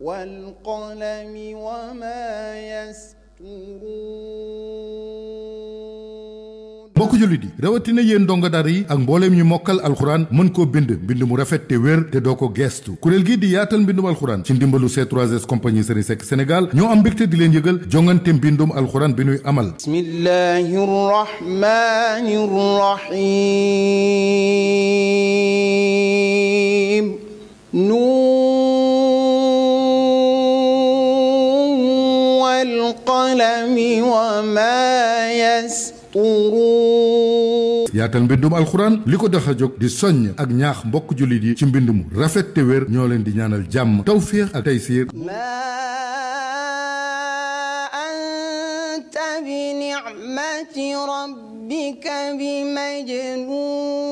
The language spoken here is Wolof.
والقلم وما يسطرون mbokk jullit yi rawatina yéen ndongo daara yi ak mbooleem ñu mokkal alxuraan mën koo bind mbind mu rafet te wér te doo ko geestu kuréel gii di yaatal mbindum alxuraan ci ndimbalu C3S compagnie Serigne ñoo am mbégte di leen yëgal jongante mbindum alxuraan bi nuy amal bismillahi rahmani rahim نور والقلم وما يسطرون yaatal mbindum alxuraan li ko tax a jóg di soññ ak ñaax mbokk jullit yi ci mbind mu rafet te wér ñoo leen di ñaanal jàmm tawfiix ak taysiir anta bi ni'mati rabbika bi majnuun